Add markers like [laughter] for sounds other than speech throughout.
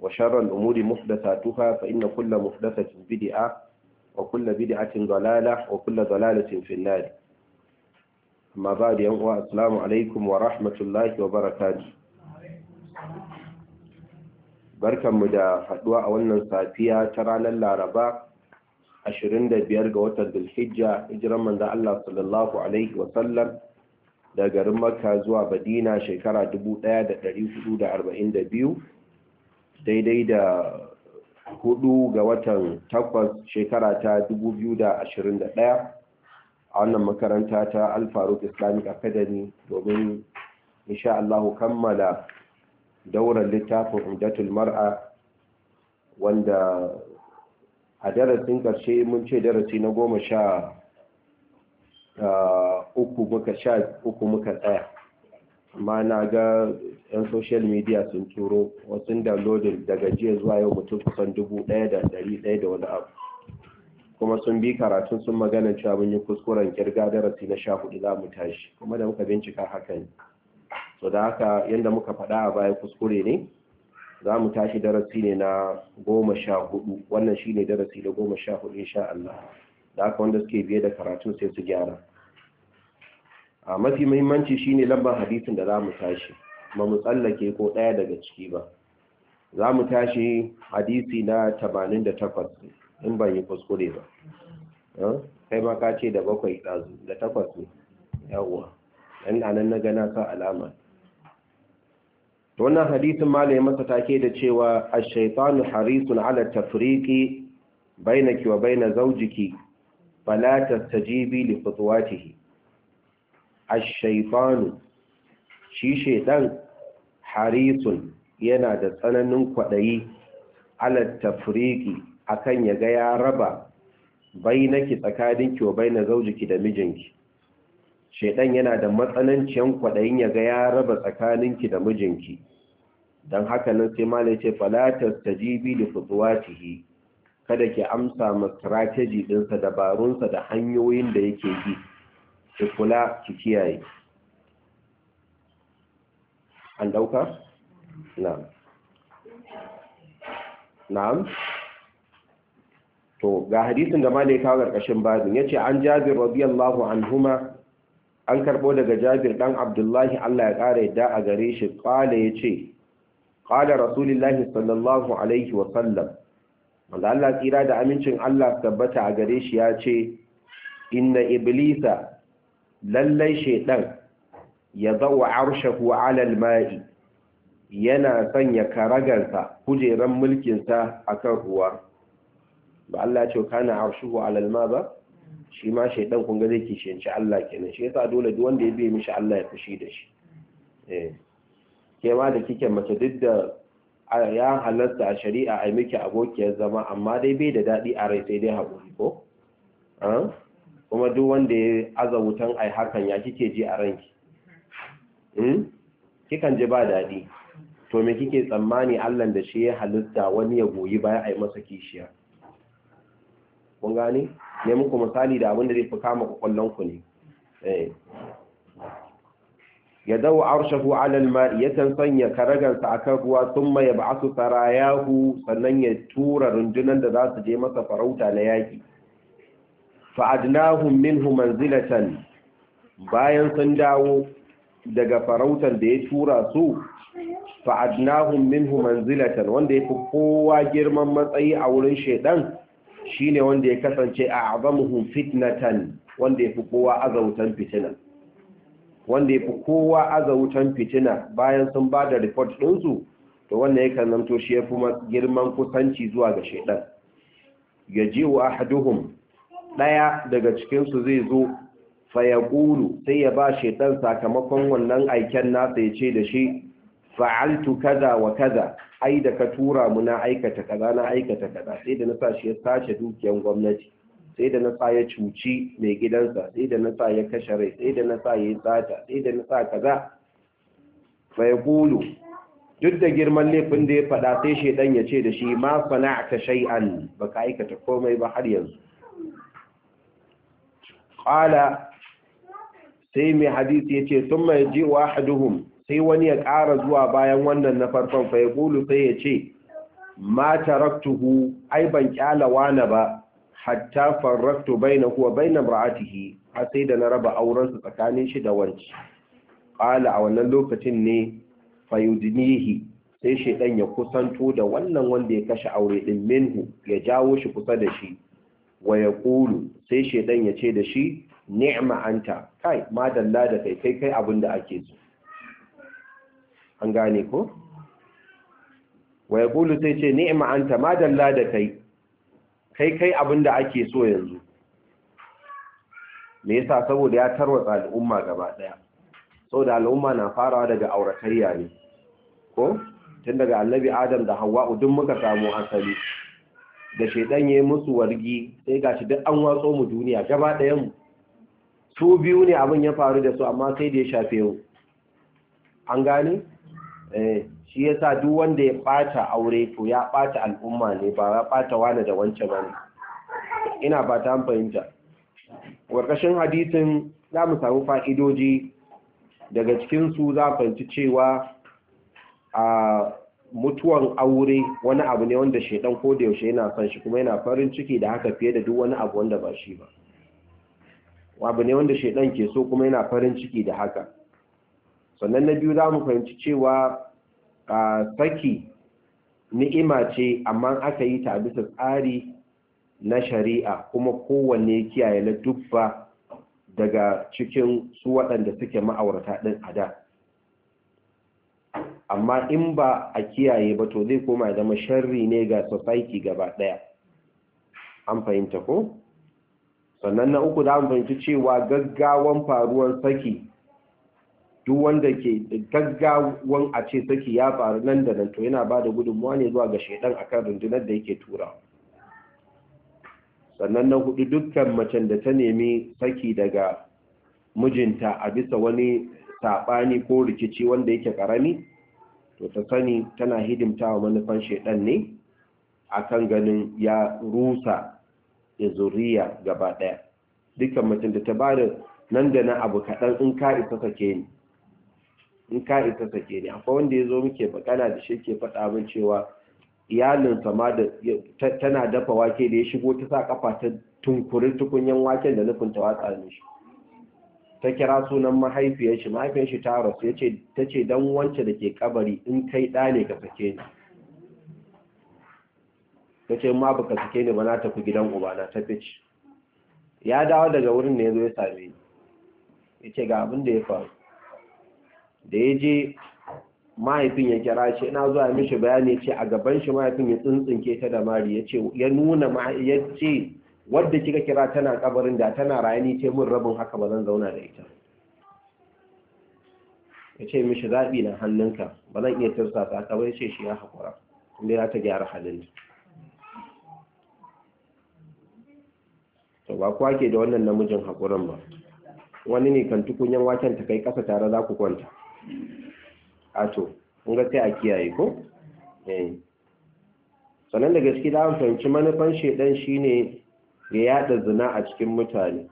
وشر الأمور محدثاتها فإن كل محدثة بدعة وكل بدعة ضلالة وكل ضلالة في النار أما بعد السلام عليكم ورحمة الله وبركاته barkanmu da haɗuwa a wannan safiya ta ranar laraba 25 ga watan dulhijja hijiran manzo Allah sallallahu alaihi wasallam da garin makka zuwa madina shekara 1442 daidai da hudu ga watan takwas shekara ta 2021 a wannan makaranta ta alfaruk islamic academy domin insha Allahu kammala dauran littafin umdatul mar'a wanda a darasin karshe mun ce darasi na goma sha ah, uku muka sha uku muka tsaya amma na ga yan social media sun turo wasu downloadin daga jiya zuwa yau mutum kusan dubu ɗaya da ɗari ɗaya da wani abu kuma sun bi karatun sun magana cewa mun yi kuskuren kirga darasi na sha hudu za mu tashi kuma da muka bincika haka ne so da haka yadda muka faɗa a baya kuskure ne za mu tashi darasi ne na goma sha hudu wannan shine darasi na goma sha hudu insha Allah da haka wanda suke biye da karatun sai su gyara a mafi muhimmanci shine lambar hadisin da za mu tashi ba mu tsallake ko ɗaya daga ciki ba za mu tashi hadisi na 88 in ban yi kuskure ba kai ma ka ce da bakwai ɗazu da takwas ne yawwa ɗan anan na gana sa alama wannan hadisin ne masa take da cewa a shaitanu harisun ala tafriki bainaki wa baina zaujiki fala tastajibi li khutuwatihi ash-shaytanu shi shaytan harisun yana da tsananin kwaɗayi alat tafriki akan ya ga ya raba bainaki tsakaninki wa baina zaujiki da mijinki shedan yana da matsananciyan kwaɗayin ya ga ya raba tsakaninki da mijinki don haka nan sai mala ce falatar ta jibi da fituwatihi kada ki amsa ma strategy ɗinsa dabarunsa da hanyoyin da yake yi ki kula ki kiyaye an dauka na'am na'am to ga hadisin da malai kawo karkashin babin yace an jabir radiyallahu anhuma an karbo daga jabir dan abdullahi Allah ya kara da' a gare shi kala yace qala rasulullahi sallallahu alaihi wa sallam wanda Allah tsira da amincin Allah tabbata a gare shi yace inna iblisa lallai shaytan ya zawa arshahu alal ma'i yana sanya karagarsa kujeran sa akan ruwa ba Allah ce kana arshuhu alal ma ba shi ma shaidan kun ga zai kishiyanci Allah kenan shi yasa dole duk wanda ya biye mishi Allah ya fushi da shi eh ke ma da kike mace duk da ya halatta a shari'a ai miki abokiyar zama amma dai bai da dadi a rai sai dai haƙuri ko ah? kuma duk wanda ya aza wutan ai hakan ya kike ji a ranki Hmm? kikan ji ba daɗi to me kike tsammani Allah da shi ya halitta wani ya goyi bayan a yi masa kishiya kun gani ne muku misali da abinda zai fi kama kwakwallon ku ne eh. ya dawo arshahu alal ma'i ya sanya karagansa akan ruwa sun mai ba'asu sarayahu sannan ya tura rundunan da za su je masa farauta na yaki fa'adnahum minhu manzilatan bayan sun dawo daga farautar da ya tura su fa'adnahum minhu manzilatan wanda ya fi kowa girman matsayi a wurin shaidan shine wanda ya kasance a azamuhum fitnatan wanda ya fi kowa azautan fitina wanda ya fi kowa azautan fitina bayan sun ba da report ɗinsu to wannan ya zanto shi ya fi girman kusanci zuwa ga shaidan ya ji wa ahaduhum ɗaya daga cikinsu zai zo fayaqulu sai ya ba shaitan sakamakon wannan aiken nasa ya ce da shi fa'altu kaza wa kaza ai da ka tura mu na aikata kaza na aikata kaza sai da na sa shi ya sace dukiyar gwamnati sai da na sa ya cuci mai gidansa sai da na sa ya kashe rai sai da na sa ya sata sai da na sa kaza fayaqulu duk da girman laifin da ya faɗa sai shaidan ya ce da shi ma sana'ta shay'an baka aikata komai ba har yanzu qala sai mai hadisi ya ce sun mai ji wahaduhum sai wani ya ƙara zuwa bayan wannan na farkon fa sai ya ce ma taraktuhu ai ban ƙyala wane ba hatta farraktu baina kuwa baina ra'atihi har sai da na raba aurensu tsakanin shi da wanci ƙala a wannan lokacin ne fayudinihi sai shaidan ya kusanto da wannan wanda ya kashe aure ɗin minhu ya jawo shi kusa da shi wa ya ƙulu sai shaidan ya ce da shi ni'ma anta kai ma dalla da kai kai kai abin da ake so an gane ko wa yaqulu sai ce ni'ma anta dalla da kai kai kai abin da ake so yanzu me yasa saboda ya tarwatsa al'umma gaba daya saboda al'umma na farawa daga auratayya ne ko tun daga annabi adam da hawa duk muka samu asali da shedan ya yi musu wargi sai gashi duk an watso mu duniya gaba ɗayan mu su biyu ne abin ya faru da su amma sai da ya shafe yau an gani eh, shi ya sa duk wanda ya ɓata aure to ya ɓata al'umma ne ba ya ɓata wani da wancan ba ne ina ba ta fahimta hadisin za mu samu fa'idoji daga cikinsu za a fahimci cewa a mutuwan aure wani abu ne wanda shaidan ko da yaushe yana son shi kuma yana farin ciki da haka fiye da duk wani abu wanda ba shi ba wabu ne wanda shaidan ke so kuma yana farin ciki da haka sannan na biyu za mu fahimci cewa saki ni'ima ce amma aka yi ta bisa tsari na shari'a kuma kowanne kiyaye na dubba daga cikin su waɗanda suke ma'aurata ɗin a da amma in ba a kiyaye ba to zai koma zama sharri ne ga society gaba ɗaya an fahimta ko? sannan na uku za mu fahimci cewa gaggawan faruwar saki duk wanda ke gaggawan a ce saki ya faru nan da nan to yana ba da gudunmuwa ne zuwa ga shaidan akan rundunar da yake tura sannan na hudu dukkan macen da ta nemi saki daga mijinta a bisa wani saɓani ko rikici wanda yake karami to ta sani tana hidimta wa manufan shaidan ne a kan ganin ya rusa da zuriya gaba ɗaya dukkan mutum da ta bada nan da nan abu kaɗan in ka isa sake ni in ka isa sake ni akwai wanda ya zo muke bakana da shi ke faɗa min cewa iyalinsa ma da tana dafa wake da ya shigo ta sa kafa ta tunkuri tukunyan waken da nufin ta watsa ta kira sunan mahaifiyar shi mahaifiyar shi ta rasu ya ce ta ce dan wance da ke kabari in kai ɗa ne ka sake ni ta ce ma baka suke ni ba na tafi gidan ubana ta fice ya dawo daga wurin ne ya zo ya same ni ya ce ga abin da ya faru da ya je mahaifin ya kira shi ina zuwa mishi bayani ce a gaban shi mahaifin ya tsuntsunke ta da mari ya ce ya nuna ya ce wadda kika kira tana kabarin da tana rayani ce mun rabin haka ba zan zauna da ita ya ce mishi zaɓi na hannunka ba zan iya tursa ta ka bai ce shi ya haƙura inda ya ta gyara halin to ba kowa ke da wannan namijin haƙurin ba wani ne kan tukunyan waken ta kai ƙasa tare za ku kwanta a to kun ga sai a kiyaye ko eh. sannan da gaske da fahimci manufan shaidan shine ya yada zina a cikin mutane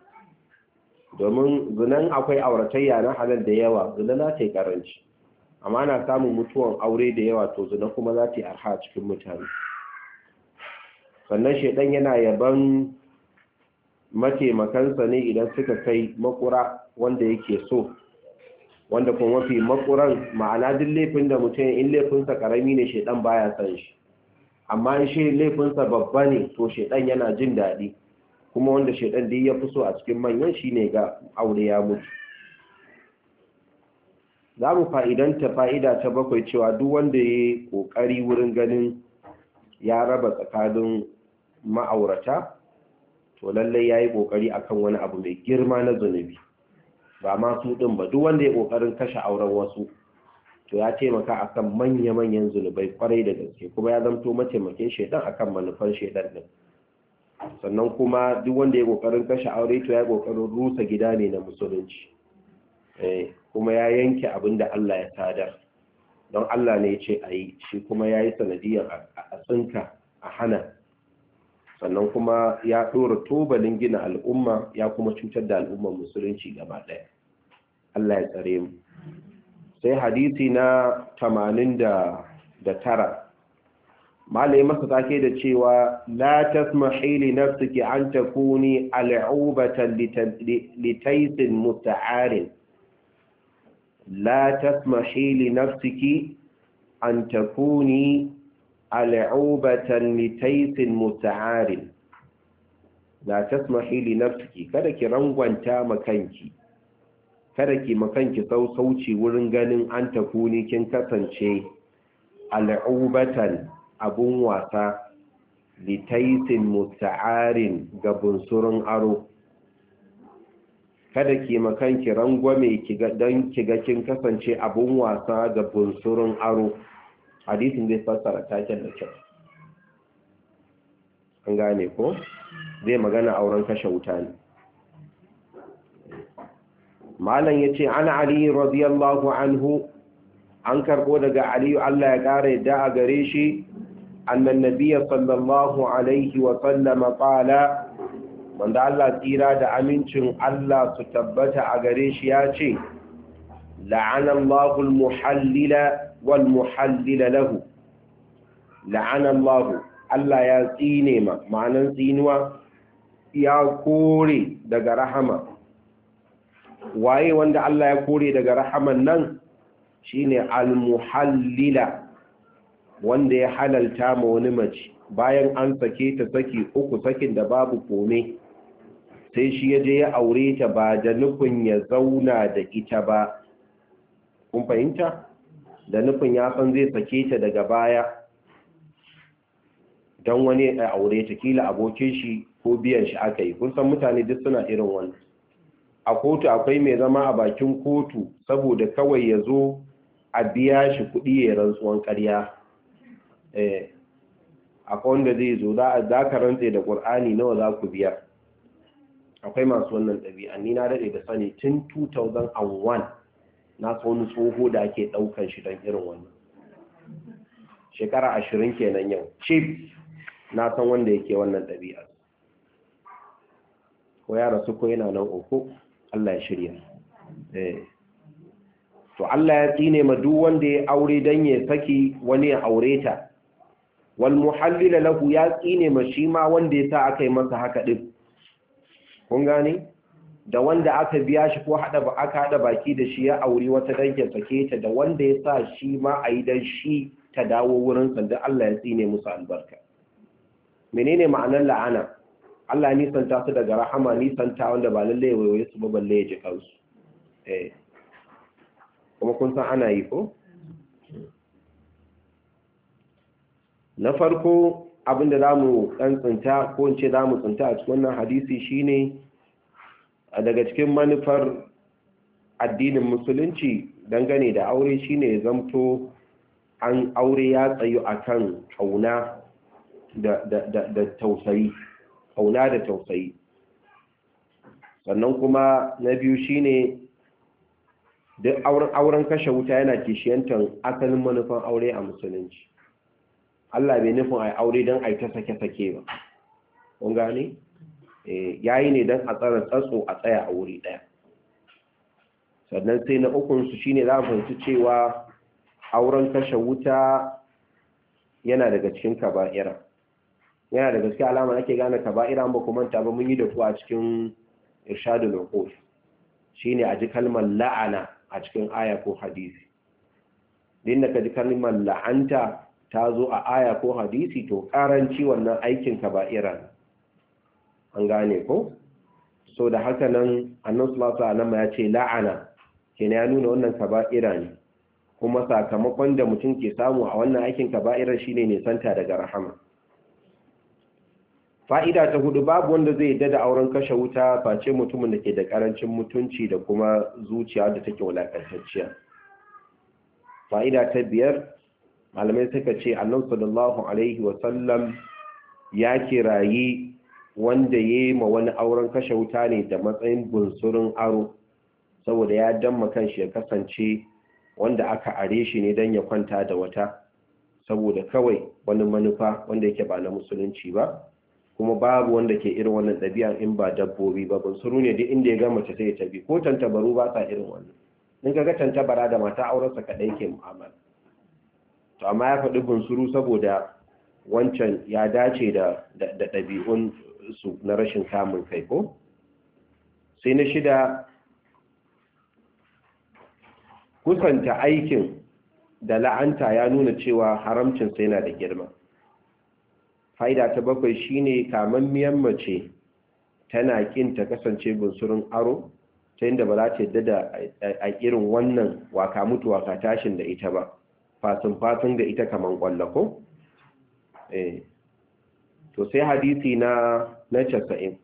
domin zinan akwai auratayya na halal da yawa zina za ta yi karanci amma ana samun mutuwan aure da yawa to zina kuma za ta yi arha a cikin mutane sannan shaidan yana yaban mataimakansa ne idan suka kai makura wanda yake so wanda kuma mafi makuran ma'ana duk laifin da mutum in laifinsa karami ne shaidan baya san shi amma in shi laifinsa babba ne to shaidan yana jin daɗi kuma wanda shaidan dai ya fi so a cikin manyan shine ga aure ya mutu za mu fa'idanta fa'ida ta bakwai cewa duk wanda ya yi ƙoƙari wurin ganin ya raba tsakanin ma'aurata to lallai yayi kokari akan wani abu mai girma na zunubi ba ma su din ba duk wanda ya kokarin kashe auren wasu to ya taimaka akan manya-manyan zunubai kwarai da gaske kuma ya zamto mataimakin shaidan akan manufar shaidan din sannan kuma duk wanda ya kokarin kashe aure to ya kokarin rusa gida ne na musulunci eh, kuma ya yanke abin da Allah ya sadar don Allah ne ya ce a yi shi kuma ya yi sanadiyar a tsinka a hana sannan kuma ya ɗora tubalin gina al'umma ya kuma cutar da al'ummar musulunci gaba ɗaya Allah ya tsare mu sai hadisi na tamanin da tara malai masa take da cewa la tasmahi li nafsiki an takuni al'ubatan litaisin musta'arin la tasmahi li nafsiki an takuni al'ubatan litaisin muta'arin na tasmahi li nafsiki kada ki rangwanta makanki kada ki makanki sausauci wurin ganin an tafuni kin kasance al'ubatan abun wasa litaisin muta'arin ga bunsurun aro kada ki makanki rangwame ki kiga don ki ga kin kasance abun wasa ga bunsurun aro hadisin zai fassara taken da kyau an gane ko zai magana auren kashe wuta ne malam ya ce ana aliyu radiyallahu anhu an karɓo daga aliyu allah ya ƙara da' a gare shi annan nabiya sallallahu alaihi wa sallama ƙala wanda allah tsira da amincin allah su tabbata a gare shi ya ce لعن الله المحلل والمحلل له لعن الله Allah ya tsine ma ma'anan tsinuwa ya kore daga rahama waye wanda Allah ya kore daga rahaman nan shine al-muhallila wanda ya halalta ma wani mace bayan an sake ta saki uku sakin da babu kome sai shi ya je ya aure ta ba da nufin ya zauna da ita ba kun fahimta da nufin ya san zai sake ta daga baya don wani a aure ta kila abokin shi ko biyan shi aka yi kun san mutane duk suna irin wani a kotu akwai mai zama a bakin kotu saboda kawai ya zo a biya shi kuɗi ya rantsuwan ƙarya eh, akwai wanda zai zo za ka rantse da ƙur'ani nawa za ku biya akwai masu wannan ɗabi'a ni na daɗe da sani tun 2001 na so wani tsoho da ake ɗaukan shi don irin wannan shekara ashirin kenan yau chief na san wanda yake wannan ɗabi'a ko ya rasu ko yana nan uku Allah ya shirya eh. to Allah ya tsine ma duk wanda ya aure dan ya saki wani ya aure ta wal muhallila lahu ya tsine ma shi ma wanda ya sa aka yi masa haka din kun gane da wanda aka biya shi ko hada aka hada baki da shi ya auri wata dangin sake ta da wanda ya sa shi ma a yi dan shi ta dawo wurin sanda Allah ya tsine musu albarka menene ma'anar la'ana Allah ya nisanta su daga rahama nisanta wanda ba lalle ya waiwaye su ba balle ya ji kansu eh kuma kun san ana yi ko na farko abinda zamu dan tsinta ko in ce zamu tsinta a cikin wannan hadisi shine a daga cikin manufar addinin musulunci dangane da aure shine ya zamto an aure ya tsayu akan kauna da tausayi kauna da tausayi sannan kuma na biyu shine duk auren kashe wuta yana kishiyantar asalin manufan aure a musulunci Allah bai nufin a aure don a ta sake-sake ba. Kun ne? Eh, ya yi ne don a tsara tsatso a tsaya a wuri ɗaya sannan sai na ukunsu shine za mu fahimci cewa auren kashe wuta yana daga cikin kaba'ira yana daga cikin alama ake gane kaba'ira ba kuma ta ba mun yi da ku a cikin irshadul Shi shine a ji kalmar la'ana a cikin aya ko hadisi din da ka ji kalmar la'anta ta zo a aya ko hadisi to karanci wannan aikin kaba'ira an gane ko so da haka nan annan sulasa nan ma ya ce la'ana ke ya nuna wannan kaba'ira ne kuma sakamakon da mutum ke samu a wannan aikin kaba'irar shi ne nisanta daga rahama fa'ida ta hudu babu wanda zai yadda da auren kashe wuta face mutumin da ke da karancin mutunci da kuma zuciya da take wulakantacciya fa'ida ta biyar malamai suka ce annan sallallahu alaihi wasallam ya kirayi wanda ya yi ma wani auren kashe wuta ne da matsayin bunsurin aro saboda ya damma kanshi ya kasance wanda aka are shi ne don ya kwanta da wata saboda kawai wani manufa wanda yake ba na musulunci ba kuma babu wanda ke irin wannan ɗabi'a in ba dabbobi ba bunsuru ne duk inda ya ga mace sai ya tabi ko tantabaru ba sa irin wannan in ka ga tantabara da mata aurensa kaɗai ke mu'amala to amma ya faɗi bunsuru saboda wancan ya dace da ɗabi'un su na rashin kamun kai ko sai na shida kusanta aikin da la'anta ya nuna cewa haramcin sai na da girma fa'ida ta bakwai shine kaman miyan mace tana kin ta kasance bunsurin aro ta inda ba za ta yadda da a irin wannan waka mutu waka tashin da ita ba fasin fasin da ita kaman kwallo ko eh. to sai hadisi na na 90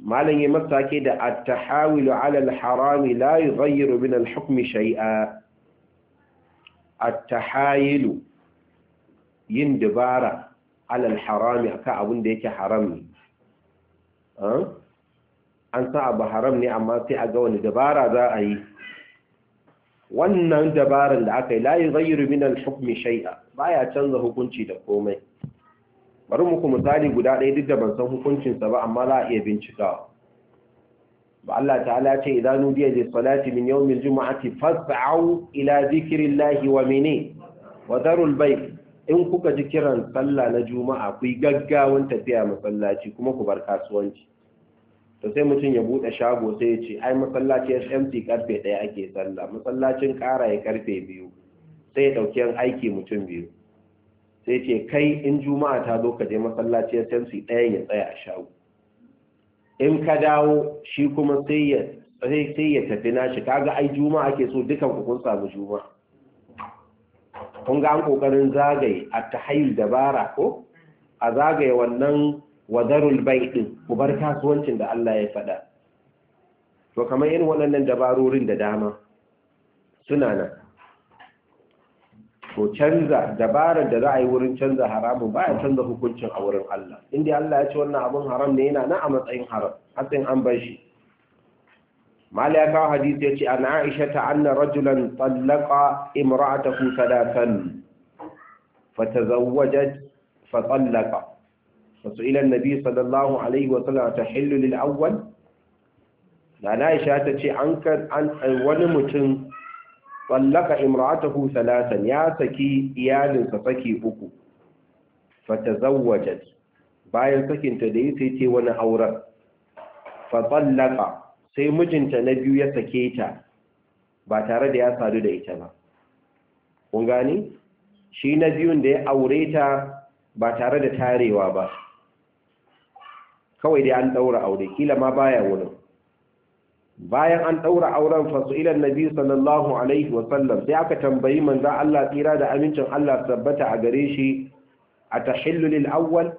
malam ya masake da Atahawilu tahawilu ala al-harami la yughayyiru min al-hukm shay'a Atahayilu, yin dubara ala al-harami akan abin da yake haram ne an sa abu haram ne amma sai a ga wani dabara za a yi wannan dabaran da aka yi layi zairu min al-hukmi shay'a baya canza hukunci da komai bari muku misali guda ɗaya duk da ban san hukuncinsa ba amma za a iya bincika. ba Allah ta'ala ce idan nudiya da salati min yawmin juma'ati fas'au ila zikrillahi wa mene wa darul bayt in kuka ji kiran sallah na juma'a ku yi gaggawan tafiya masallaci kuma ku bar kasuwanci to sai mutum ya bude shago sai ya ce ai masallaci SMT karfe 1 ake sallah masallacin ƙara ya karfe 2 sai ya dauki aiki mutum biyu sai ce kai in juma'a ta zo ka je masallaci ya tansi ɗaya ya tsaya a shago in ka dawo shi kuma sai ya sai ya tafi nashi kaga ai juma'a ake so dukan ku kun samu juma'a kun ga an kokarin zagaye a tahayul dabara ko a zagaye wannan wadarul bai din ku bar kasuwancin da Allah ya faɗa to kamar irin waɗannan dabarorin da dama suna nan to canza dabarar da za a yi wurin canza haramu ba ya canza hukuncin a wurin Allah inda Allah ya ce wannan abin haram ne yana na a matsayin haram hatsin an bar shi mali ya kawo hadisi ya ce an aisha ta anna rajulan tsallaka imra'atahu sadatan fatazawwajat Wasu ilan ila annabi sallallahu alaihi wa sallam ta hillu lil awwal da aisha ta ce an wani mutum tsallaka imratahu salatan ya saki iyalinsa saki uku fata zawwajat bayan sakinta da yi sai ce wani auren fatsallaka sai mijinta na biyu ya sake ta ba tare da ya sadu da ita ba kun gani shi na biyun da ya aure ta ba tare da tarewa ba kawai dai an daura aure kila ma baya wurin bayan an ɗaura auren fasu'ilan nabi sallallahu alaihi wasallam sai aka tambayi manzan Allah tsira da amincin Allah tabbata a gare shi a tahillulil awwal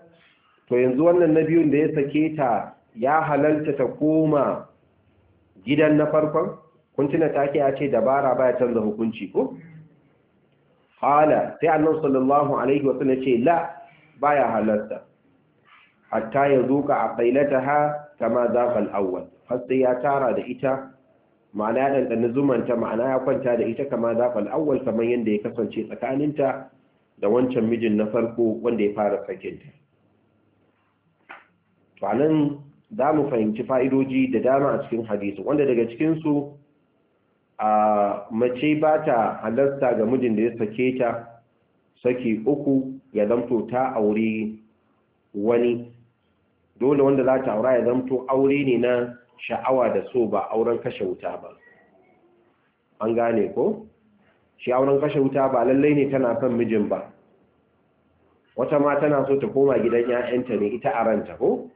to yanzu wannan na biyun da ya sake ta ya halalta ta koma gidan na farkon kun tuna take ya ce dabara baya canza hukunci ko hala sai annabi sallallahu alaihi wasallam ce la baya halalta hatta ya zuka aqailataha kama zaqal awwal har sai ya tara da ita ma'ana ya dandana zumanta ma'ana ya kwanta da ita kama zaqal awwal kamar yadda ya kasance tsakaninta da wancan mijin na farko wanda ya fara sakinta to anan za mu fahimci fa'idoji da dama a cikin hadisi wanda daga cikinsu a mace ba ta halarta ga mijin da ya sake ta saki uku ya zamto ta aure wani dole wanda za ta aura ya zamto aure ne na sha'awa da so ba auren kashe wuta ba an gane ko shi auren kashe wuta ba lallai ne tana son mijin ba wata ma tana so ta koma gidan 'ya'yanta ne ita a ranta ko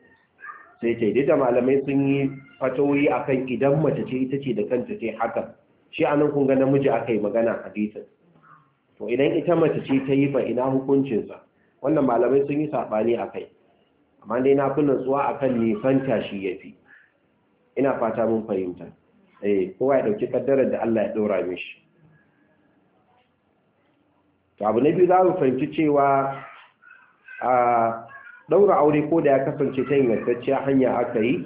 sai ce duk da malamai sun yi fatoyi akan idan mace ce ita ce da kanta ce haka shi a nan kun ga namiji aka yi magana a bitin to idan ita mace ce ta yi ba ina hukuncinsa wannan malamai sun yi saɓani a kai amma dai na fi natsuwa akan fanta shi fi ina fata mun fahimta eh kowa ya dauki kaddarar da Allah ya dora mishi to abu na biyu za mu fahimci cewa a daura aure ko da ya kasance ta ingantacciyar hanya aka yi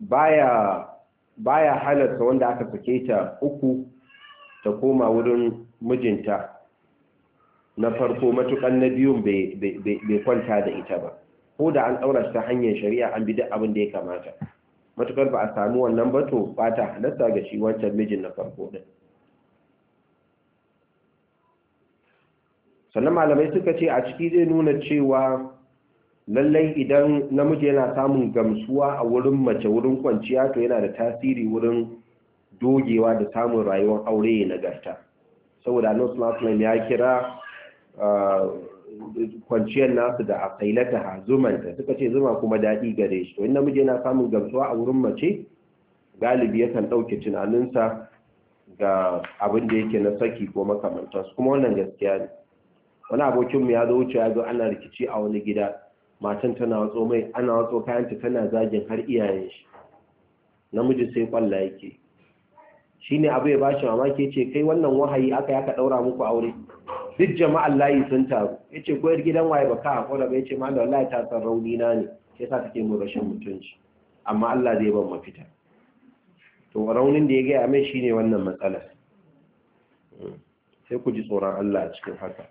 baya baya halarta wanda aka sake ta uku ta koma wurin mijinta na farko matukan na biyun bai kwanta da ita ba ko da an ɗaura ta hanyar shari'a an bi duk abin da ya kamata matukar ba a samu wannan ba to ba ta halatta ga shi wancan mijin na farko din sannan malamai suka ce a ciki zai nuna cewa lallai idan namiji yana samun gamsuwa a wurin mace wurin kwanciya to yana da tasiri wurin dogewa da samun rayuwar aure nagarta saboda annabi sallallahu ya kira uh, kwanciyar nasu da akailata ha zumanta suka ce zuma kuma daɗi gare shi Wani namiji yana samun gamsuwa a wurin mace galibi yakan ɗauke tunaninsa ga abin da yake na saki ko makamantansu kuma wannan gaskiya ne wani abokinmu ya zo wuce ya zo ana rikici a wani gida matan tana watso mai ana watso kayanta tana zagin har iyayen shi namiji sai kwalla yake shi ne abu ya bashi mamaki mamaki ce kai wannan wahayi aka yaka ɗaura muku aure duk jama'an layi sun taru ya ce koyar gidan waye baka? ka haƙura ba ya ce wallahi ta san rauni na ne sai sa take mu rashin mutunci amma Allah zai ban mafita to raunin da ya gaya mai shine wannan matsalar hmm. sai ku ji tsoron Allah a cikin haka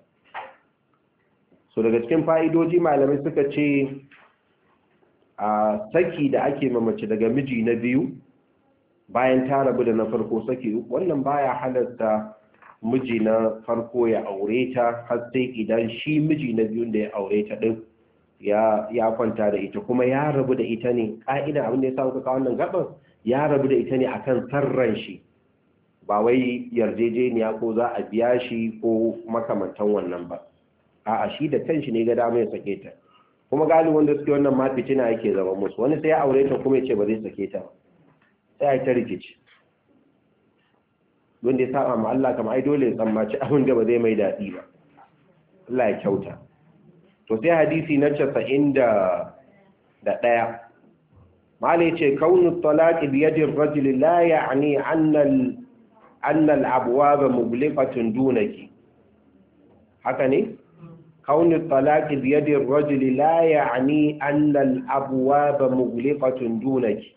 so daga cikin fa'idoji malamai suka ce a saki da ake mamace daga miji na biyu bayan ta rabu da na farko saki wannan baya halarta miji na farko ya aure ta har sai idan shi miji na biyun da ya aure ta din ya kwanta da ita kuma ya rabu da ita ne ƙa'ida abin da ya samu kuka wannan gaban ya rabu da ita ne akan sarran shi ba wai yarjejeniya ko za a biya shi ko makamantan wannan ba a'a shi da kanshi ne ga dama ya sake ta kuma galibin da suke wannan ma fitina yake zama musu wani sai ya aure ta kuma ya ce ba zai sake ta ba sai ya ta rikici wanda ya saba ma Allah kamar ai dole ya tsammaci abin da ba zai mai daɗi ba Allah ya kyauta to sai hadisi na 91 da ɗaya malai ce kaunu talaqi bi yadi rajul la ya'ni anna anna al-abwab mughliqatun dunaki haka ne kaunu talaqi bi yadi rajul la ya'ni anna al-abwab mughliqatun dunaki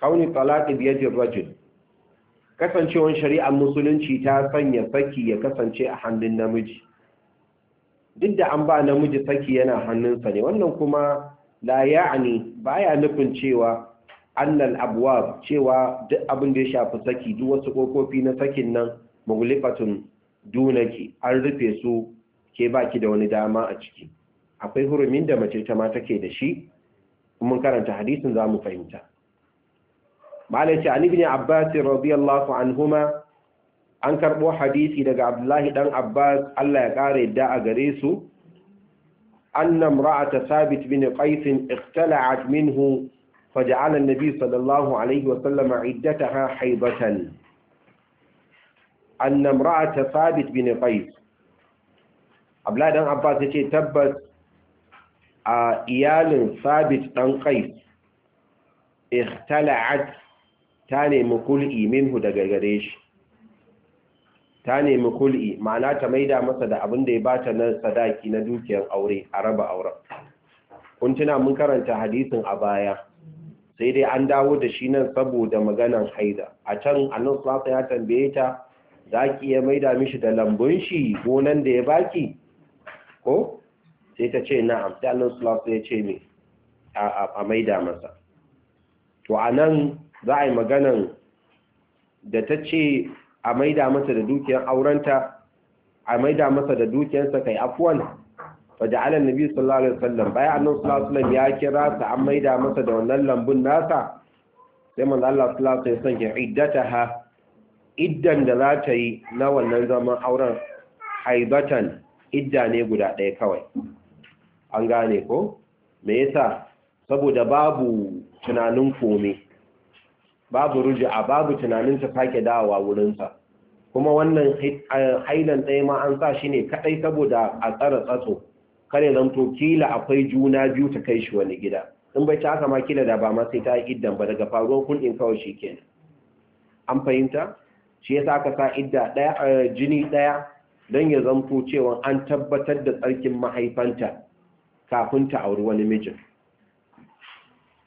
kaunu talaqi bi yadi kasancewar shari'ar musulunci ta sanya saki ya kasance a hannun namiji duk da an ba namiji saki yana hannunsa ne wannan kuma la Ba ya nufin cewa annal abwab cewa duk abin da ya shafi saki duk wasu kofofi na sakin nan muglifatun dunaki an rufe su ke baki da wani dama a ciki akwai hurumin da mace ta ma take da shi mun karanta hadisin za mu fahimta malai ce ali ibn abbas radiyallahu anhuma an karbo hadisi daga abdullahi dan abbas Allah ya kare da a gare su anna imra'ata thabit bin qais ikhtala'at minhu faj'ala an-nabi sallallahu alayhi wa sallam 'iddataha haybatan anna imra'ata thabit bin qais abdullahi dan abbas yace tabbas a iyalin thabit dan qais ikhtala'at ta nemi kul'i minhu daga gare shi ta nemi kul'i ma'ana ta maida masa da abin da ya bata na sadaki na dukiyar aure a raba auren kun tuna mun karanta hadisin a baya sai dai an dawo da shi nan saboda maganan haida a can annan sulasa ya tambaye ta za ki iya maida mishi da lambun shi gonan da ya baki ko sai ta ce na'am sai annan sulasa ya ce a maida masa to anan za a yi maganan da ta ce a maida masa da dukiyar aurenta a maida masa da dukiyarsa kai afuwan faja alal nabi sallallahu alaihi wasallam bayan annabi sallallahu alaihi wasallam ya kira ta an maida masa da wannan lambun nasa sai manzo Allah sallallahu alaihi wasallam ya iddataha iddan da za ta yi na wannan zaman auren haibatan idda ne guda ɗaya kawai an gane ko me yasa saboda babu tunanin kome babu a babu tunaninsa sake dawowa wurinsa kuma wannan hailan ɗaya ma an sa shi ne kaɗai saboda a tsara tsatso kare zanto kila akwai juna biyu ta kai shi wani gida in bai ta haka ma kila da ba ma sai ta yi iddan ba daga faruwar kundin kawai shi kenan an fahimta shi yasa aka sa idda ɗaya jini ɗaya don ya zanto cewa an tabbatar da tsarkin mahaifanta kafin ta auri wani mijin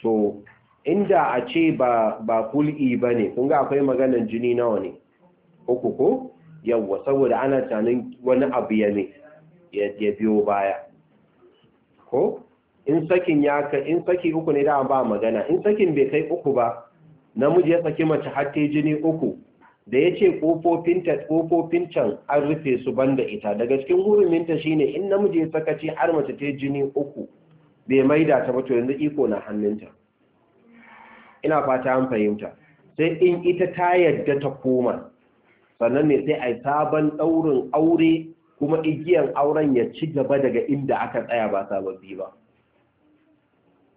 to inda a ce ba ba kul'i ba ne, kunga akwai maganan jini nawa ne uku ko yawwa saboda ana tunanin wani abu ya ne ya biyo baya ko in sakin ya ka in saki uku ne da ba magana in sakin bai kai uku ba namiji ya saki mace har ta jini uku da ya ce ƙofofin can an rufe su banda ita daga cikin huruminta shine in namiji ya saka ce har mace ta jini uku bai maida ta ba to yanzu iko na hannunta ina fata an fahimta sai in ita ta yadda ta koma sannan ne sai a yi sabon ɗaurin aure kuma igiyan auren ya ci gaba daga inda aka tsaya ba sababbi ba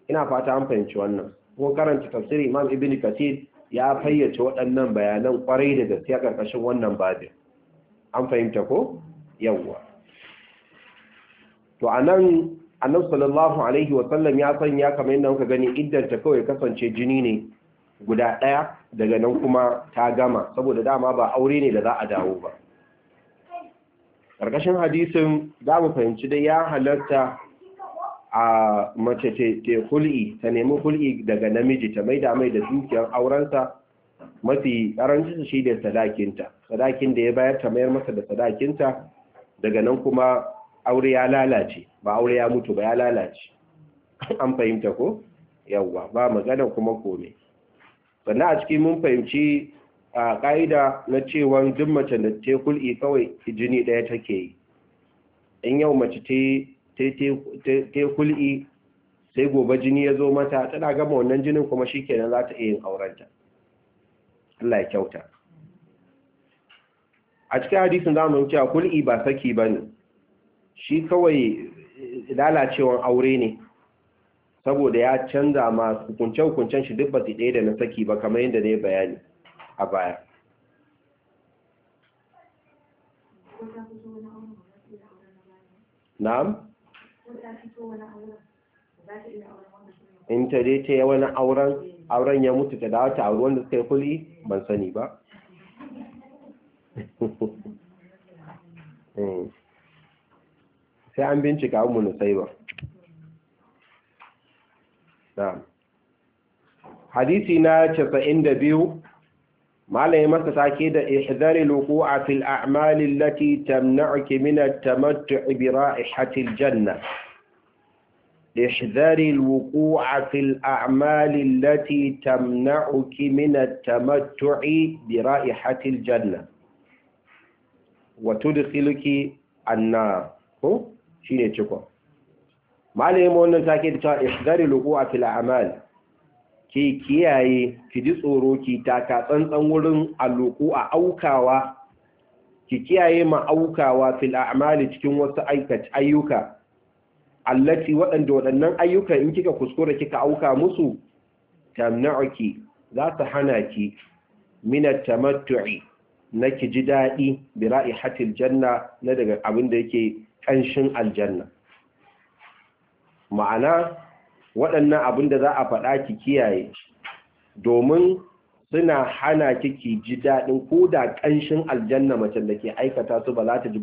ina fata an fahimci wannan kuma karanta tafsiri imam ibn kasir ya fayyace waɗannan bayanan kwarai da gaskiya karkashin wannan babin an fahimta ko yawwa to anan annabi sallallahu alaihi wa sallam ya sanya kamar yadda muka gani iddan ta kawai kasance jini ne guda daya daga nan kuma ta gama saboda dama ba aure ne da za a dawo ba karkashin hadisin za mu fahimci da ya halarta a mace ce hul'i ta nemi hul'i daga namiji ta maida mai da dukiyar aurensa mafi karanci shi da sadakinta sadakin da ya bayar ta mayar masa da sadakinta daga nan kuma aure ya lalace ba aure ya mutu ba ya lalace [laughs] an fahimta ko yawwa ba magana kuma kome sannan a cikin mun fahimci a ka'ida na cewa duk mace da ce kul'i kawai jini ɗaya take yi in yau mace ta kul'i sai gobe jini ya zo mata tana gama wannan jinin kuma shi kenan za ta iya yin aurenta Allah ya kyauta a cikin hadisin za mu cewa kul'i ba saki ba ne shi kawai lalacewan aure ne saboda ya canza ma hukunce-hukuncen shi duk ba su ɗaya da na saki ba kamar yadda ne bayani a baya na'am in dai ta yi wani auren auren ya mutu ta dawo ta ruwan da suka yi kuli ban sani ba [laughs] eh. sai an bincika umu nusaiba na'am hadisi na 92 malai masa sake da ihdari a fil a'mali lati tamna'uki min at-tamattu' bi ra'ihati al-janna احذر الوقوع في الأعمال التي تمنعك من التمتع برائحة الجنة وتدخلك النار هو shine cikon malamin wannan take da cewa isdari a fil a'mal ki kiyaye ki ji tsoro ki taka tsantsan wurin a aukawa ki kiyaye ma aukawa fil amal cikin wasu ayyuka allati waɗanda waɗannan ayyuka in kika kuskura kika auka musu tamna'uki za su hana ki min at-tamattu'i na ki ji daɗi bi ra'ihatil janna na daga abin da yake ƙanshin aljanna ma'ana waɗannan abin da za a faɗa ki kiyaye domin suna hana kiki ji daɗin ko da ƙanshin aljanna mace da ke aikata su ba za ta ji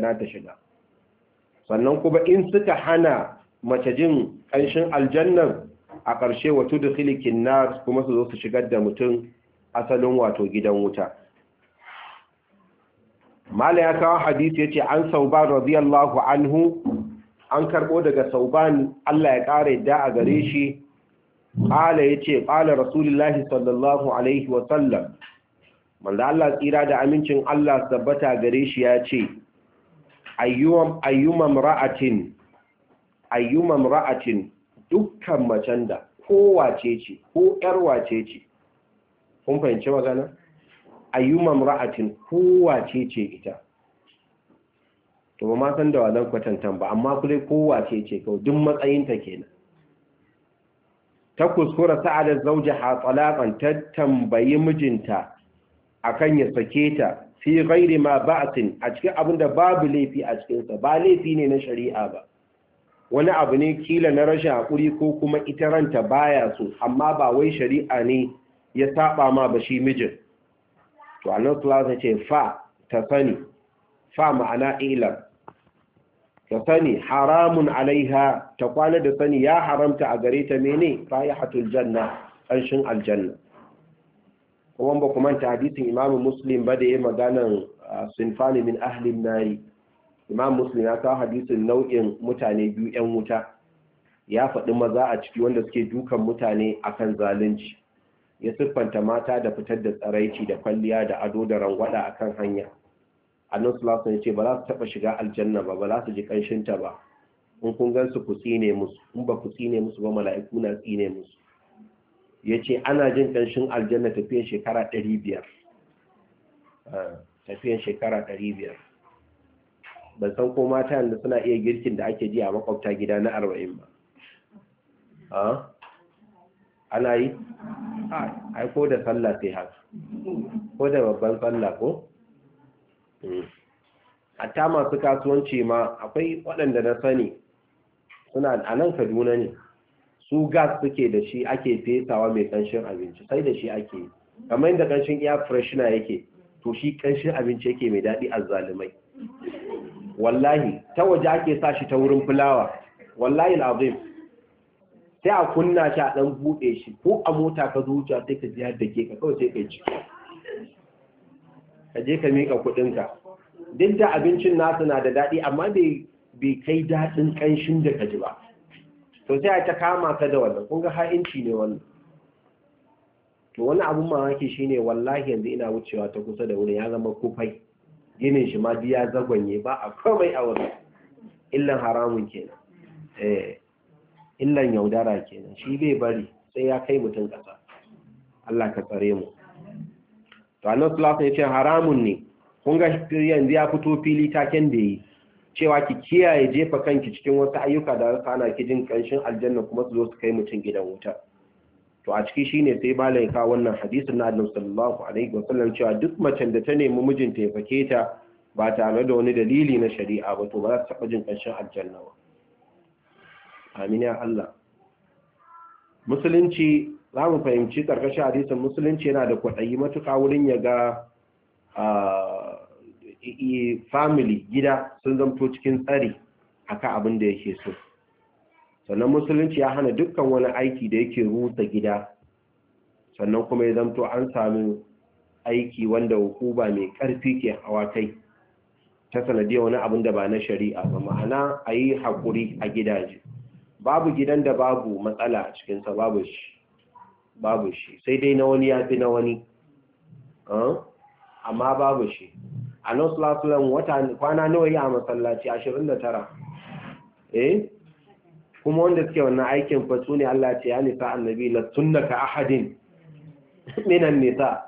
na ta shiga sannan kuma in suka hana mace jin ƙanshin aljannan a ƙarshe wato da silikin na kuma su zo su shigar da mutum asalin wato gidan wuta Malaya ya kawo hadisi yace an sauba radiyallahu anhu an karbo daga sauban Allah ya kare da a gare shi ya yace kala rasulullahi sallallahu alaihi wa sallam manzo Allah tsira da amincin Allah sabbata gare shi ya ce ayyuwam ayyumam ra'atin ayyumam ra'atin dukkan macen da wace ce ko yar wace ce kun fahimci magana ayyuma mura'atin kowace ce ita to ba ma san da wannan kwatantan ba amma kule kowace ce kawai duk matsayinta kenan ta kuskura sa'adar zauja ha talaqan ta tambayi mijinta akan ya sake ta fi gairi ma ba'atin a cikin abin da babu laifi a cikinsa, ba laifi ne na shari'a ba wani abu ne kila na rashin hakuri ko kuma ita ranta baya so amma ba wai shari'a ne ya saba ma ba shi mijin to annan plaza ce fa ta sani fa ma'ana ilar ta sani haramun alaiha ta kwana da sani ya haramta a gare ta mene fayahatul janna ƙanshin aljanna kuma ba kuma ta hadisin imamu muslim ba da ya maganan sinfani min ahlin nari imamu muslim ya kawo hadisin nau'in mutane biyu 'yan wuta ya faɗi maza a ciki wanda suke dukan mutane akan zalunci ya siffanta mata da fitar da tsaraici da kwalliya da ado da rangwada a kan hanya annabi su alaihi ce ba za su taba shiga aljanna ba ba za su ji kanshinta ba in kun gan su ku tsine musu in ba ku tsine musu ba mala'iku na tsine musu Ya ce ana jin kanshin aljanna tafiyan shekara 500 ah, tafiyan shekara 500 ban san ko mata yadda suna iya girkin da ake ji a makwabta gida na 40 ba ah? ana yi ai ko da sallah sai haka ko da babban sallah ko hmm. A ta masu kasuwanci ma akwai waɗanda na sani suna a nan kaduna ne su gas suke da shi ake fesawa mai ƙanshin abinci sai da shi ake yi kamar yadda ƙanshin iya freshina yake to shi ƙanshin abinci yake mai daɗi a zalimai wallahi ta waje ake sa shi ta wurin fulawa wallahi al'azim sai a kunna shi a ɗan buɗe shi ko a mota ka zuciya sai ka jiyar da ke ka kawai sai yi ciki ka je ka miƙa kuɗinka duk da abincin nasu na da daɗi amma bai kai daɗin ƙanshin da ka ji ba to sai a ta kama ka da wannan kun ga ha'inci ne wannan to wani abun mamaki shine wallahi yanzu ina wucewa ta kusa da wurin ya zama kufai ginin shi ma biya zagwanye ba a komai a wurin illan haramun kenan eh illan yaudara kenan shi bai bari sai ya kai mutum ƙasa Allah ka tsare mu to annan sulasa ya ce haramun ne kun ga yanzu ya fito fili taken da yi cewa ki kiyaye jefa kanki cikin wasu ayyuka da za ana ki jin kanshin aljanna kuma su zo su kai mutum gidan wuta to a ciki shine sai malai ka wannan hadisin na annabi sallallahu alaihi wasallam cewa duk macen da ta nemi mijinta ya fake ta ba tare da wani dalili na shari'a ba to ba za ta taɓa jin kanshin aljanna ba amin ya Allah musulunci za mu fahimci karkashin hadisin musulunci yana da kwaɗayi matuka wurin ya ga family gida sun zamto cikin tsari akan abin da yake so sannan musulunci ya hana dukkan wani aiki da yake rusa gida sannan kuma ya zamto an sami aiki wanda hukuba mai ƙarfi ke hawa kai ta sanadiyar wani abin da ba na shari'a ba ma'ana a yi haƙuri a gidaje babu gidan da babu matsala a cikinsa babu shi babu shi sai dai na wani ya fi na wani amma babu shi a nan sulasulan wata kwana nawa yi a masallaci 29 eh kuma wanda suke wannan aikin fasu ne Allah ce ya nisa annabi la ka ahadin minan nisa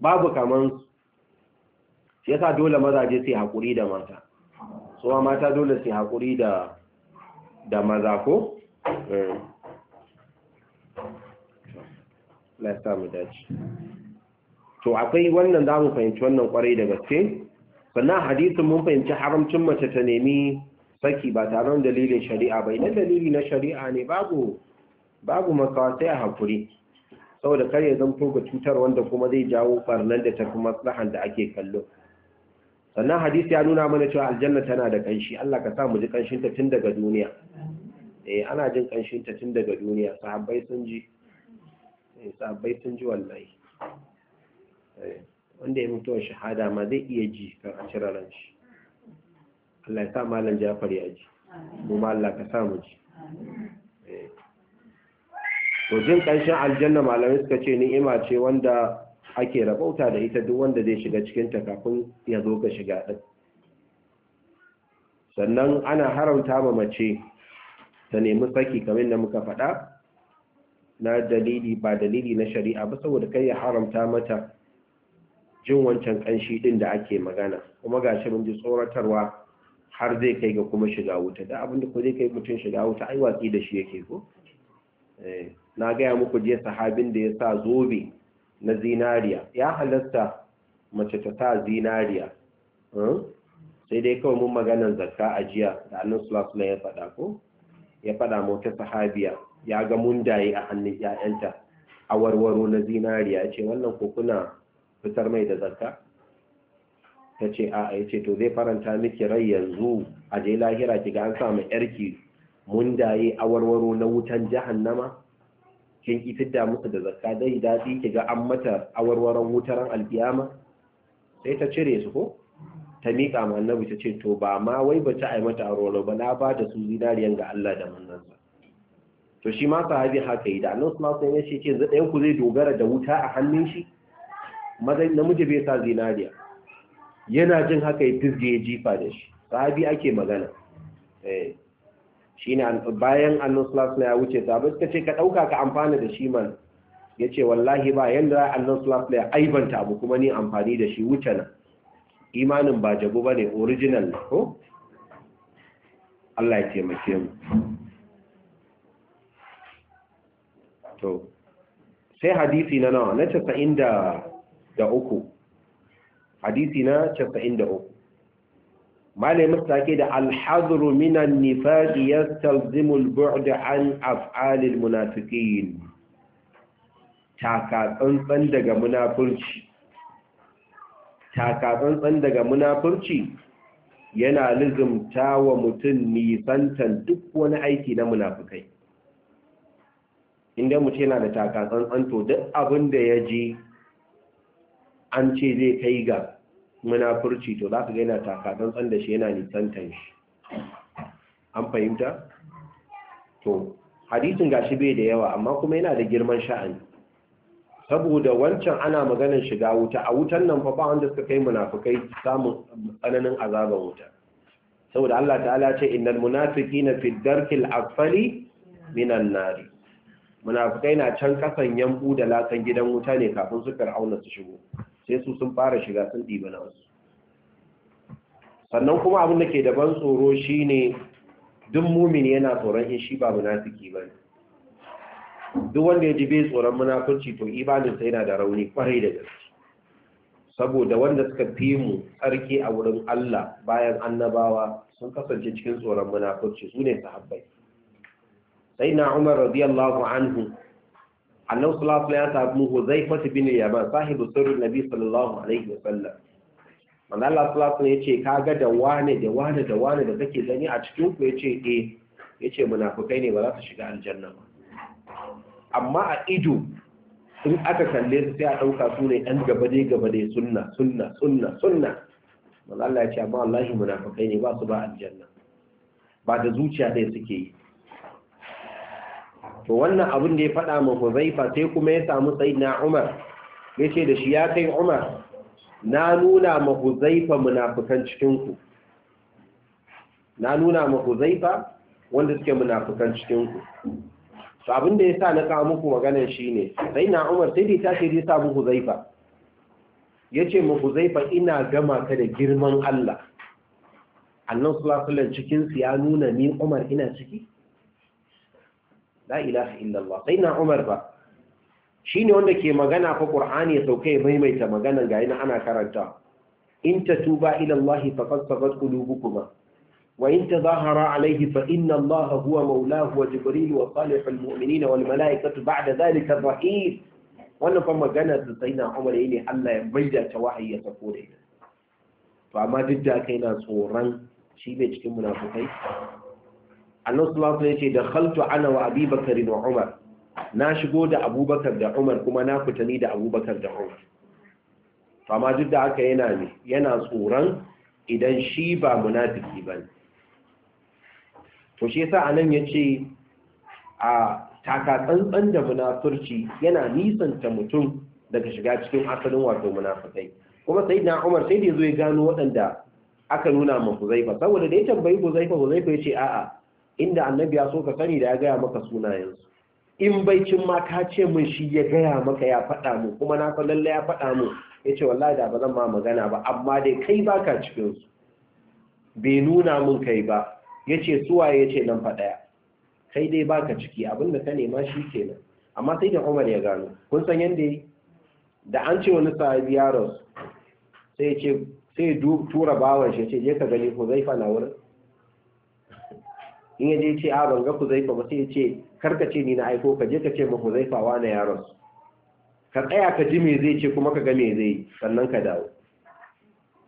babu kaman su yasa dole mazaje su hakuri da mata suwa mata dole su hakuri da da maza ko? na mm. samu dace to akwai wannan za mu fahimci wannan kwarai da gaske sannan hadisin mun fahimci haramcin mace ta nemi saki ba tare da dalilin shari'a ba idan dalili na shari'a ne babu babu makawa sai a hakuri saboda kar ya zanto ga cutar wanda kuma zai jawo ɓarnar da tafi maslahan da ake kallo sannan hadisi ya nuna mana cewa aljanna tana da kanshi Allah ka sa mu ji kanshin ta tun daga duniya eh ana jin kanshin ta tun daga duniya sahabbai sun ji eh sahabbai sun ji wallahi eh wanda ya mutu shahada ma zai iya ji kan a cire ran shi Allah ya sa malam Jafar ya ji mu ma Allah ka sa mu ji eh. to jin kanshin aljanna malamai suka ce ni'ima ce wanda ake rabauta da ita duk wanda zai shiga cikinta kafin ya zo ga shiga ɗin sannan ana haramta ma mace ta nemi saki kamar da muka faɗa na dalili ba dalili na shari'a ba saboda kai ya haramta mata jin wancan ƙanshi ɗin da ake magana kuma ga shi mun ji tsoratarwa har zai kai ga kuma shiga wuta da abin da ko zai kai mutum shiga wuta ai watsi da shi yake ko eh, na gaya muku je sahabin da ya sa zobe na zinariya ya halatta mace ta sa zinariya hmm? sai dai kawai mun maganar zakka a jiya da annan sulasula ya faɗa ko ya faɗa mota sahabiya ya ga mundaye a hannun ‘ya'yanta a warwaro na zinariya ya ce wannan ko kuna fitar mai da zakka ta ce a ya ce to zai faranta miki rai yanzu a je lahira ki ga an samu ‘yarki mundaye a warwaro na wutan jahannama kin ki fidda musu da zakka dai dadi ki ga an mata awarwaran wutar alkiyama sai ta cire su ko ta miƙa ma annabi ta ce to ba ma wai ba ta ai mata awarwaro ba na ba da su zinariyan ga Allah da manzon sa to shi ma sahabi haka yi da annabi sallallahu alaihi ya ce yanzu ku zai dogara da wuta a hannun shi madan namiji bai sa zinariya yana jin haka ya fizge ya jifa da shi sahabi ake magana eh shine bayan annabi na ya wuce ba suka ce ka dauka ka amfana da shi man yace wallahi ba yanda annabi sallallahu ya aibanta abu kuma ni amfani da shi wuce na imanin ba jago bane original ko Allah ya taimake mu to sai hadisi na nawa na 93 hadisi na 93 malamin take da alhadru minan nifaqi yastalzimu albu'd an af'alil munafiqin taka tsantsan daga munafurci taka tsantsan daga munafurci yana lizumta wa mutum nisantan duk wani aiki na munafukai inda mutum yana da taka tsantsan to duk abin da ya ji an ce zai kai ga munafurci to za ka ga yana takadan tsan da shi yana nisantan shi an fahimta to hadisin gashi bai da yawa amma kuma yana da girman sha'ani saboda wancan ana maganar shiga wuta a wutan nan fa ba wanda suka kai munafikai samun tsananin azaban wuta saboda Allah ta'ala ce innal munafiqina fi darkil asfali minan nar munafikai na can kasan yambu da lakan gidan wuta ne kafin su karauna su shigo sai su sun fara shiga sun ɗiba na wasu sannan kuma abin da ke daban tsoro shi ne, duk mumini yana tsoron in shi ba munafiki ba duk wanda ya ji bai tsoron munafurci to ibaninsa yana da rauni kwarai da gaske saboda wanda suka fi mu tsarki a wurin Allah bayan annabawa sun kasance cikin tsoron munafurci su ne sahabbai sai na umar radiyallahu anhu annabi sallallahu alaihi wasallam ya samu Huzaifah bin Yaman sahibu sirrin Nabi sallallahu alaihi wasallam manzo Allah sallallahu alaihi ka ga da wane da wane da wane da kake gani a cikin ku yace ya eh. yace munafikai ne ba za su shiga aljanna ba amma a ido sun aka kalle su sai a dauka su ne ɗan gaba dai gaba dai sunna sunna sunna sunna manzo Allah ya ce amma wallahi munafikai ne ba su ba aljanna ba da zuciya ɗaya suke yi to wannan abin da ya faɗa ma huzaifa sai kuma ya samu sayyidina umar yace da shi ya kai umar na nuna ma huzaifa munafukan cikin ku na nuna ma huzaifa wanda suke munafukan cikin ku to abin da yasa na kawo muku maganar shine sayyidina umar sai dai tashi ya samu huzaifa yace ma huzaifa ina gama ka da girman Allah annan sulasulan cikinsu ya nuna ni umar ina ciki la ilaha illallah sai na umar ba shi ne wanda ke magana fa ƙur'ani ya sauka ya maimaita magana ga ana karanta in ta tuba ilallahi faqad sabat ba. wa in tadhahara alayhi fa inna allaha huwa maulahu wa jibril wa salihul mu'minina wal malaikatu ba'da dhalika dhahir wannan fa magana da sayyidina Umar ne Allah ya baida ta wahayi ya sako da ita to amma duk da kai na tsoron shi ne cikin munafukai annabi sallallahu alaihi wasallam da khaltu ana wa abubakar da umar na shigo da abubakar da umar kuma na fita ni da abubakar da umar amma duk da aka yana ne yana tsoron idan shi ba munafiki ba to shi yasa anan yace a taka tsantsan da munafurci yana nisanta mutum daga shiga cikin asalin wato munafikai kuma na Umar sai da yazo ya gano waɗanda aka nuna ma Huzaifa saboda da ya tambayi Huzaifa Huzaifa ce a'a inda annabi ya so ka kani da ya gaya maka sunayensu in baicin ma ka ce min shi ya gaya maka ya faɗa mu kuma na san lalle ya faɗa mu ya ce wallahi da ba zan ma magana ba amma dai kai ba ka cikinsu bai nuna mun kai ba ya ce suwa ya ce nan faɗaya kai dai ba ka ciki abinda ka nema shi kenan amma sai da umar ya gano kun san yadda yi da an ce wani sahabi yaros sai ya ce sai tura bawan shi ya ce je ka gani ko zai fana wurin in yaje ce a ban ga Huzaifa ba sai ya ce karka ce ni na aiko ka je ka ce ma zaifa wa na yaron ka tsaya ka ji me zai ce kuma ka ga me zai sannan ka dawo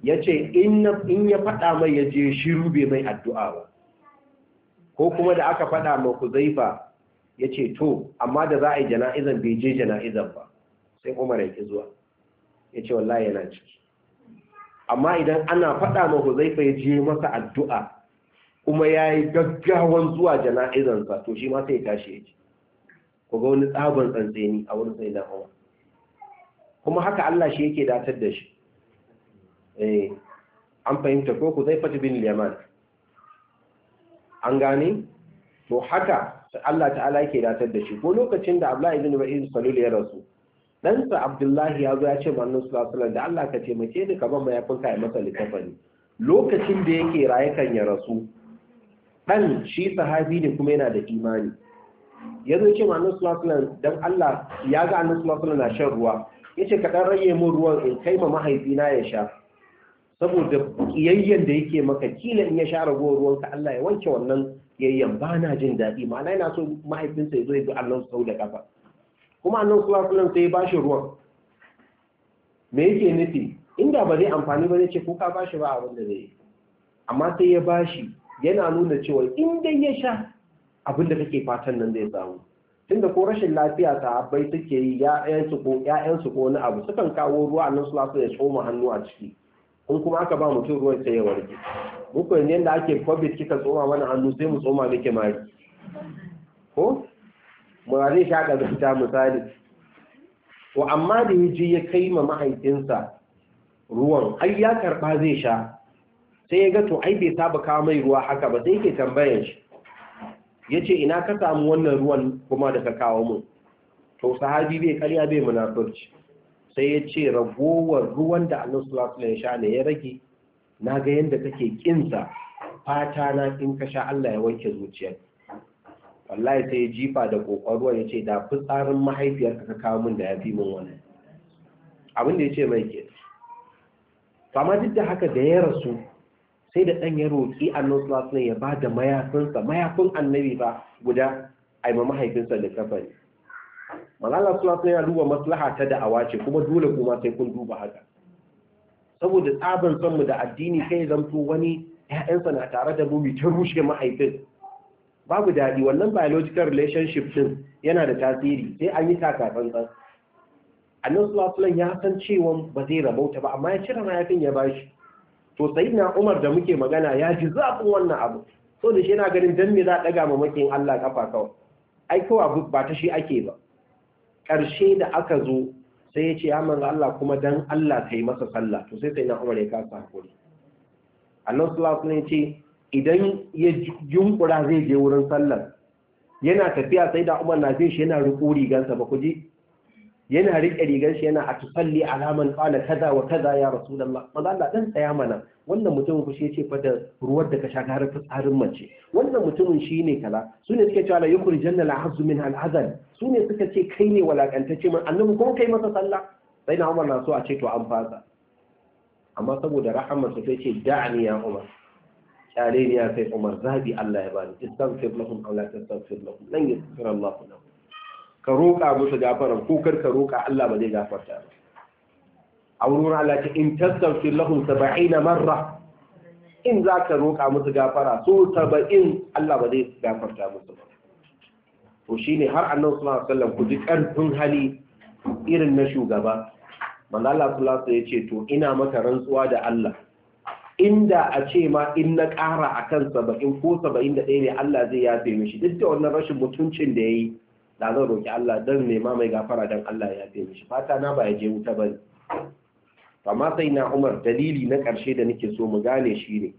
yace in in ya faɗa mai ya shi shiru mai addu'a ba ko kuma da aka faɗa ma zaifa yace to amma da za a yi jana'izan bai je jana'izan ba sai Umar ya ki zuwa yace wallahi yana ciki amma idan ana faɗa ma Huzaifa ya yaje masa addu'a kuma ya yi gaggawan zuwa jana'izansa to shi ma sai tashi ya ji ku ga wani tsabon tsantseni a wurin sai na kuma haka Allah shi yake datar da shi eh, an fahimta ko ku zai fata bin liyaman an gane to haka Allah ta'ala yake datar da shi ko lokacin da Abdullahi ibn Ba'id Salul ya rasu ɗansa Abdullahi ya zo ya ce mannan sulasulan da Allah ka mace ni ka ban mayafinka ya masa littafani lokacin da yake raye kan ya rasu ɗan shi sahabi ne kuma yana da imani ya zo ce ma annabi sallallahu dan Allah ya ga annabi sallallahu na shan ruwa yace ka dan rage mun ruwan in kai ma mahaifina ya sha saboda kiyayyen da yake maka kila in ya sha ragowar ruwanka Allah ya wanke wannan yayyan ba na jin daɗi ma'ana yana so mahaifinsa ya zo ya bi Allah sau da kafa kuma annabi sallallahu alaihi sai ya bashi ruwan me yake nufi inda ba zai amfani ba zai ce ko ka bashi ba abin da zai amma sai ya bashi yana nuna cewa in dai ya sha abin da kake fatan nan zai samu Tun da ko rashin lafiya ta sahabbai suke yi ya'yansu ko ya'yansu ko wani abu sukan kawo ruwa a nan su ya tsoma hannu a ciki in kuma aka ba mutum ruwan sai ya warke muku ne yadda ake covid kika tsoma mana hannu sai mu tsoma muke mari ko mu zai sha zuta misali to amma da yaji ya kai ma mahaifinsa ruwan ai ya karɓa zai sha sai ya ga to ai bai saba kawo mai ruwa haka ba sai yake tambayar shi ya ce ina ka samu wannan ruwan kuma da ka kawo mu to sahabi bai karya bai munafurci sai ya ce ragowar ruwan da annan ya sha ne ya rage na ga yadda kake kinsa fata na in ka sha Allah ya wanke zuciyar wallahi sai ya jifa da kokon ruwan ya ce da fitsarin mahaifiyarka ka kawo min da ya fi min wani abin da ya ce mai ke fama duk da haka da ya rasu sai da ɗan ya roƙi annabi sallallahu ya ba da mayafinsa mayafin annabi ba guda a ma mahaifinsa kafari malala ya duba maslaha ta da'awa ce kuma dole kuma sai kun duba haka saboda tsabin san mu da addini kai zamto wani 'ya'yansa na tare da mumi ta rushe mahaifin babu daɗi wannan biological relationship ɗin yana da tasiri sai an yi takatsantsan annabi su alaihi ya san cewa ba zai rabauta ba amma ya cire mayafin ya bashi to na Umar da muke magana ya ji zafin wannan abu so da shi yana ganin dan me za a daga mamakin Allah kafa kawai ai kawai ba ta shi ake ba karshe da aka zo sai ya ce ya Allah kuma dan Allah kai masa sallah to sai na Umar ya kasa hakuri Allah sallallahu alaihi ce idan ya yunkura zai je wurin sallar yana tafiya sai da Umar na zai shi yana riko rigansa ba ku ji yana riƙe rigar shi yana a tufalli alaman ƙala kaza wa kaza ya rasulullah maza Allah dan tsaya mana wannan mutumin ku shi ce fa da ruwar da ka sha har fitsarin mace wannan mutumin shi shine kaza sune suke cewa la yukhrijanna al-azm min al-azal ne suka ce kai ne walakantacce man annabi kuma kai masa sallah sai na Umar na so a ce to an fasa amma saboda rahamar sa sai ce da'ani ya Umar kyale ne ya sai Umar zabi Allah ya bani istaghfir lahum aw la tastaghfir lahum lan yaghfir Allah lahum ka roƙa musu gafaran ko kar ka roƙa Allah ba zai gafarta ba a wurin Allah ta in tastaghfir lahum 70 marra in za ka roƙa musu gafara so 70 Allah ba zai gafarta musu ba to shine har annabi sallallahu alaihi wasallam ku ji karfin hali irin na shugaba manzo Allah sallallahu alaihi wasallam ya ce to ina maka rantsuwa da Allah inda a ce ma in na ƙara a kan saba'in ko saba'in da ɗaya ne Allah zai yafe mishi duk da wannan rashin mutuncin da ya yi da zan roki Allah dan nema mai gafara dan Allah ya fi mishi fata na ba ya je wuta ba ne. amma sai na Umar dalili na karshe da nake so mu gane shi ne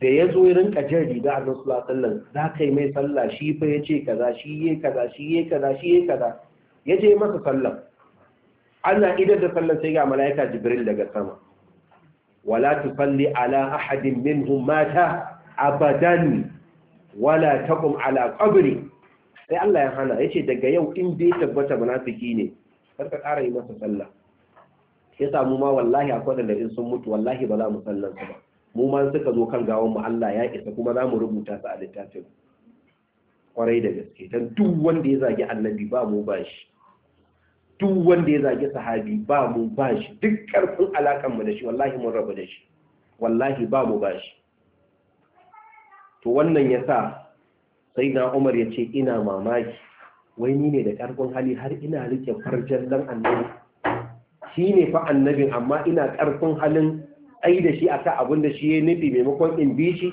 da ya zo ya rinka jin riga a sallan za ka yi mai sallah shi fa ya ce kaza shi ya kaza shi ya kaza shi ya kaza ya je masa sallan ana idar da sallan sai ga mala'ika jibril daga sama wala salli ala ahadin minhum mata abadan wala taqum ala qabri sai Allah ya hana Ya ce daga yau in bai tabbata munafiki ne kar ka ƙara yi masa sallah ya samu ma wallahi akwai da in sun mutu wallahi ba za mu sallan su ba mu ma suka zo kan gawan mu Allah ya isa kuma za mu rubuta su a littafin kwarai da gaske dan duk wanda ya zagi annabi ba mu ba shi duk wanda ya zagi sahabi ba mu ba shi duk karfin alakan mu da shi wallahi mun rabu da shi wallahi ba mu ba shi to wannan yasa sai na umar ya ce ina mamaki wai ni ne da ƙarfin hali har ina rike farjan dan annabi shi ne fa annabin amma ina ƙarfin halin ai da shi aka abin da shi ya nufi maimakon in bi shi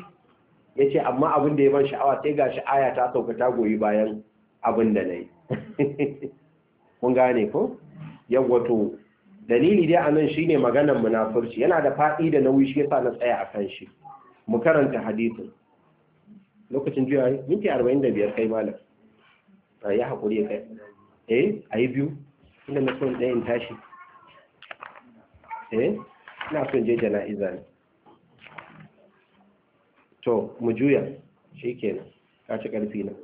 ya ce amma abin da ya ban sha'awa sai ga shi aya ta sauka ta goyi bayan abin da na yi [laughs] mun gane ko yawwato dalili dai a nan shi ne maganar munafurci yana da faɗi da nauyi shi yasa na tsaya a kan shi mu karanta hadisin lokacin juya yi minti arba'in da biyar kai malam a yi haƙuri ya kai eh a yi biyu inda na son ɗayan tashi eh ina son je jana'iza ne to mu juya shi kenan ka ci ƙarfi na